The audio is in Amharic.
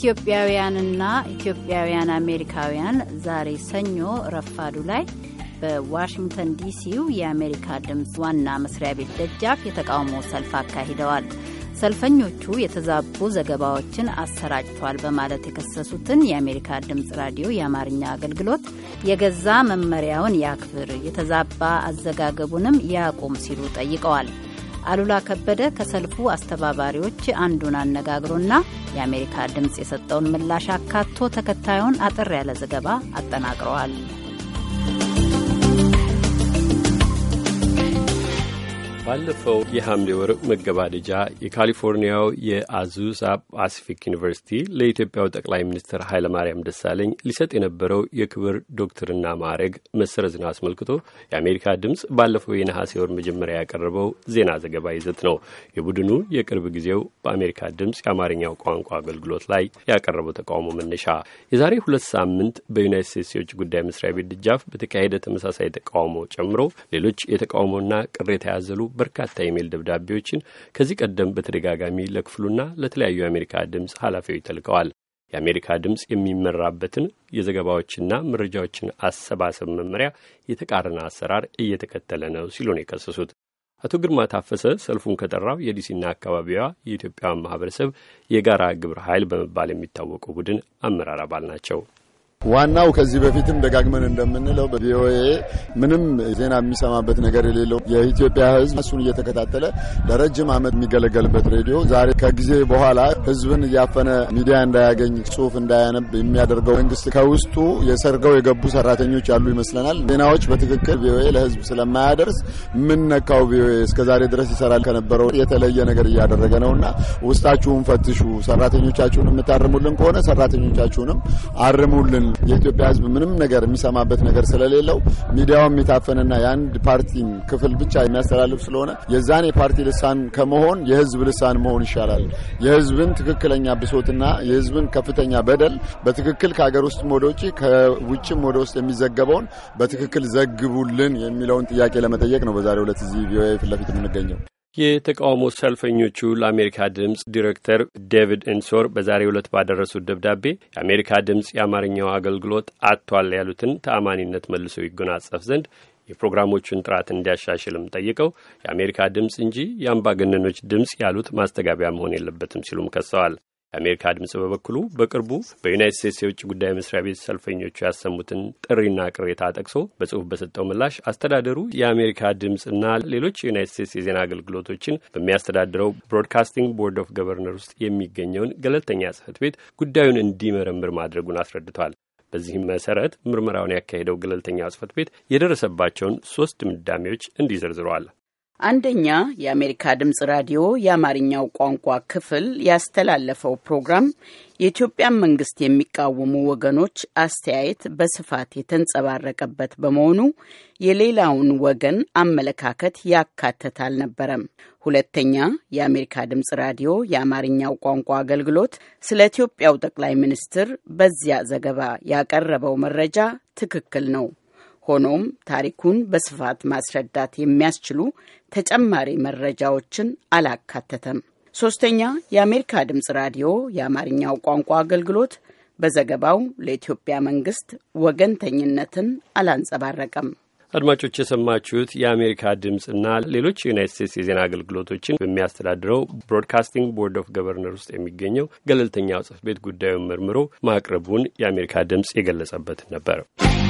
ኢትዮጵያውያንና ኢትዮጵያውያን አሜሪካውያን ዛሬ ሰኞ ረፋዱ ላይ በዋሽንግተን ዲሲው የአሜሪካ ድምፅ ዋና መስሪያ ቤት ደጃፍ የተቃውሞ ሰልፍ አካሂደዋል። ሰልፈኞቹ የተዛቡ ዘገባዎችን አሰራጭቷል በማለት የከሰሱትን የአሜሪካ ድምፅ ራዲዮ የአማርኛ አገልግሎት የገዛ መመሪያውን ያክብር፣ የተዛባ አዘጋገቡንም ያቁም ሲሉ ጠይቀዋል። አሉላ ከበደ ከሰልፉ አስተባባሪዎች አንዱን አነጋግሮና የአሜሪካ ድምፅ የሰጠውን ምላሽ አካቶ ተከታዩን አጠር ያለ ዘገባ አጠናቅረዋል። ባለፈው የሐምሌ ወር መገባደጃ የካሊፎርኒያው የአዙሳ ፓሲፊክ ዩኒቨርሲቲ ለኢትዮጵያው ጠቅላይ ሚኒስትር ኃይለማርያም ደሳለኝ ሊሰጥ የነበረው የክብር ዶክትርና ማዕረግ መሰረዝን አስመልክቶ የአሜሪካ ድምፅ ባለፈው የነሐሴ ወር መጀመሪያ ያቀረበው ዜና ዘገባ ይዘት ነው። የቡድኑ የቅርብ ጊዜው በአሜሪካ ድምፅ የአማርኛው ቋንቋ አገልግሎት ላይ ያቀረበው ተቃውሞ መነሻ የዛሬ ሁለት ሳምንት በዩናይት ስቴትስ የውጭ ጉዳይ መስሪያ ቤት ደጃፍ በተካሄደ ተመሳሳይ ተቃውሞ ጨምሮ ሌሎች የተቃውሞና ቅሬታ ያዘሉ በርካታ የሜል ደብዳቤዎችን ከዚህ ቀደም በተደጋጋሚ ለክፍሉና ለተለያዩ የአሜሪካ ድምፅ ኃላፊዎች ተልከዋል። የአሜሪካ ድምፅ የሚመራበትን የዘገባዎችና መረጃዎችን አሰባሰብ መመሪያ የተቃረነ አሰራር እየተከተለ ነው ሲሉ ነው የከሰሱት። አቶ ግርማ ታፈሰ ሰልፉን ከጠራው የዲሲና አካባቢዋ የኢትዮጵያውያን ማህበረሰብ የጋራ ግብረ ኃይል በመባል የሚታወቀው ቡድን አመራር አባል ናቸው። ዋናው ከዚህ በፊትም ደጋግመን እንደምንለው በቪኦኤ ምንም ዜና የሚሰማበት ነገር የሌለው የኢትዮጵያ ሕዝብ እሱን እየተከታተለ ለረጅም ዓመት የሚገለገልበት ሬዲዮ ዛሬ ከጊዜ በኋላ ሕዝብን እያፈነ ሚዲያ እንዳያገኝ ጽሁፍ እንዳያነብ የሚያደርገው መንግስት ከውስጡ የሰርገው የገቡ ሰራተኞች ያሉ ይመስለናል። ዜናዎች በትክክል ቪኦኤ ለሕዝብ ስለማያደርስ ምን ነካው ቪኦኤ እስከዛሬ ድረስ ይሰራል ከነበረው የተለየ ነገር እያደረገ ነው እና ውስጣችሁን ፈትሹ። ሰራተኞቻችሁን የምታርሙልን ከሆነ ሰራተኞቻችሁንም አርሙልን የኢትዮጵያ ህዝብ ምንም ነገር የሚሰማበት ነገር ስለሌለው ሚዲያው የሚታፈንና የአንድ ፓርቲን ክፍል ብቻ የሚያስተላልፍ ስለሆነ የዛን የፓርቲ ልሳን ከመሆን የህዝብ ልሳን መሆን ይሻላል። የህዝብን ትክክለኛ ብሶትና የህዝብን ከፍተኛ በደል በትክክል ከሀገር ውስጥም ወደ ውጭ ከውጭም ወደ ውስጥ የሚዘገበውን በትክክል ዘግቡልን የሚለውን ጥያቄ ለመጠየቅ ነው በዛሬው ዕለት እዚህ ቪኦኤ ፊት ለፊት የምንገኘው። የተቃውሞ ሰልፈኞቹ ለአሜሪካ ድምፅ ዲሬክተር ዴቪድ እንሶር በዛሬው ዕለት ባደረሱት ደብዳቤ የአሜሪካ ድምፅ የአማርኛው አገልግሎት አጥቷል ያሉትን ተአማኒነት መልሶ ይጎናጸፍ ዘንድ የፕሮግራሞቹን ጥራት እንዲያሻሽልም ጠይቀው የአሜሪካ ድምፅ እንጂ የአምባገነኖች ድምፅ ያሉት ማስተጋቢያ መሆን የለበትም ሲሉም ከሰዋል። የአሜሪካ ድምፅ በበኩሉ በቅርቡ በዩናይት ስቴትስ የውጭ ጉዳይ መስሪያ ቤት ሰልፈኞቹ ያሰሙትን ጥሪና ቅሬታ ጠቅሶ በጽሁፍ በሰጠው ምላሽ አስተዳደሩ የአሜሪካ ድምፅና ሌሎች የዩናይት ስቴትስ የዜና አገልግሎቶችን በሚያስተዳድረው ብሮድካስቲንግ ቦርድ ኦፍ ገቨርነር ውስጥ የሚገኘውን ገለልተኛ ጽህፈት ቤት ጉዳዩን እንዲመረምር ማድረጉን አስረድቷል። በዚህም መሰረት ምርመራውን ያካሄደው ገለልተኛ ጽህፈት ቤት የደረሰባቸውን ሶስት ድምዳሜዎች እንዲዘርዝረዋል። አንደኛ የአሜሪካ ድምፅ ራዲዮ የአማርኛው ቋንቋ ክፍል ያስተላለፈው ፕሮግራም የኢትዮጵያን መንግስት የሚቃወሙ ወገኖች አስተያየት በስፋት የተንጸባረቀበት በመሆኑ የሌላውን ወገን አመለካከት ያካተት አልነበረም። ሁለተኛ የአሜሪካ ድምፅ ራዲዮ የአማርኛው ቋንቋ አገልግሎት ስለ ኢትዮጵያው ጠቅላይ ሚኒስትር በዚያ ዘገባ ያቀረበው መረጃ ትክክል ነው ሆኖም ታሪኩን በስፋት ማስረዳት የሚያስችሉ ተጨማሪ መረጃዎችን አላካተተም። ሶስተኛ የአሜሪካ ድምፅ ራዲዮ የአማርኛው ቋንቋ አገልግሎት በዘገባው ለኢትዮጵያ መንግስት ወገንተኝነትን አላንጸባረቀም። አድማጮች የሰማችሁት የአሜሪካ ድምፅና ሌሎች የዩናይት ስቴትስ የዜና አገልግሎቶችን በሚያስተዳድረው ብሮድካስቲንግ ቦርድ ኦፍ ገቨርነር ውስጥ የሚገኘው ገለልተኛው ጽሕፈት ቤት ጉዳዩን መርምሮ ማቅረቡን የአሜሪካ ድምፅ የገለጸበት ነበር።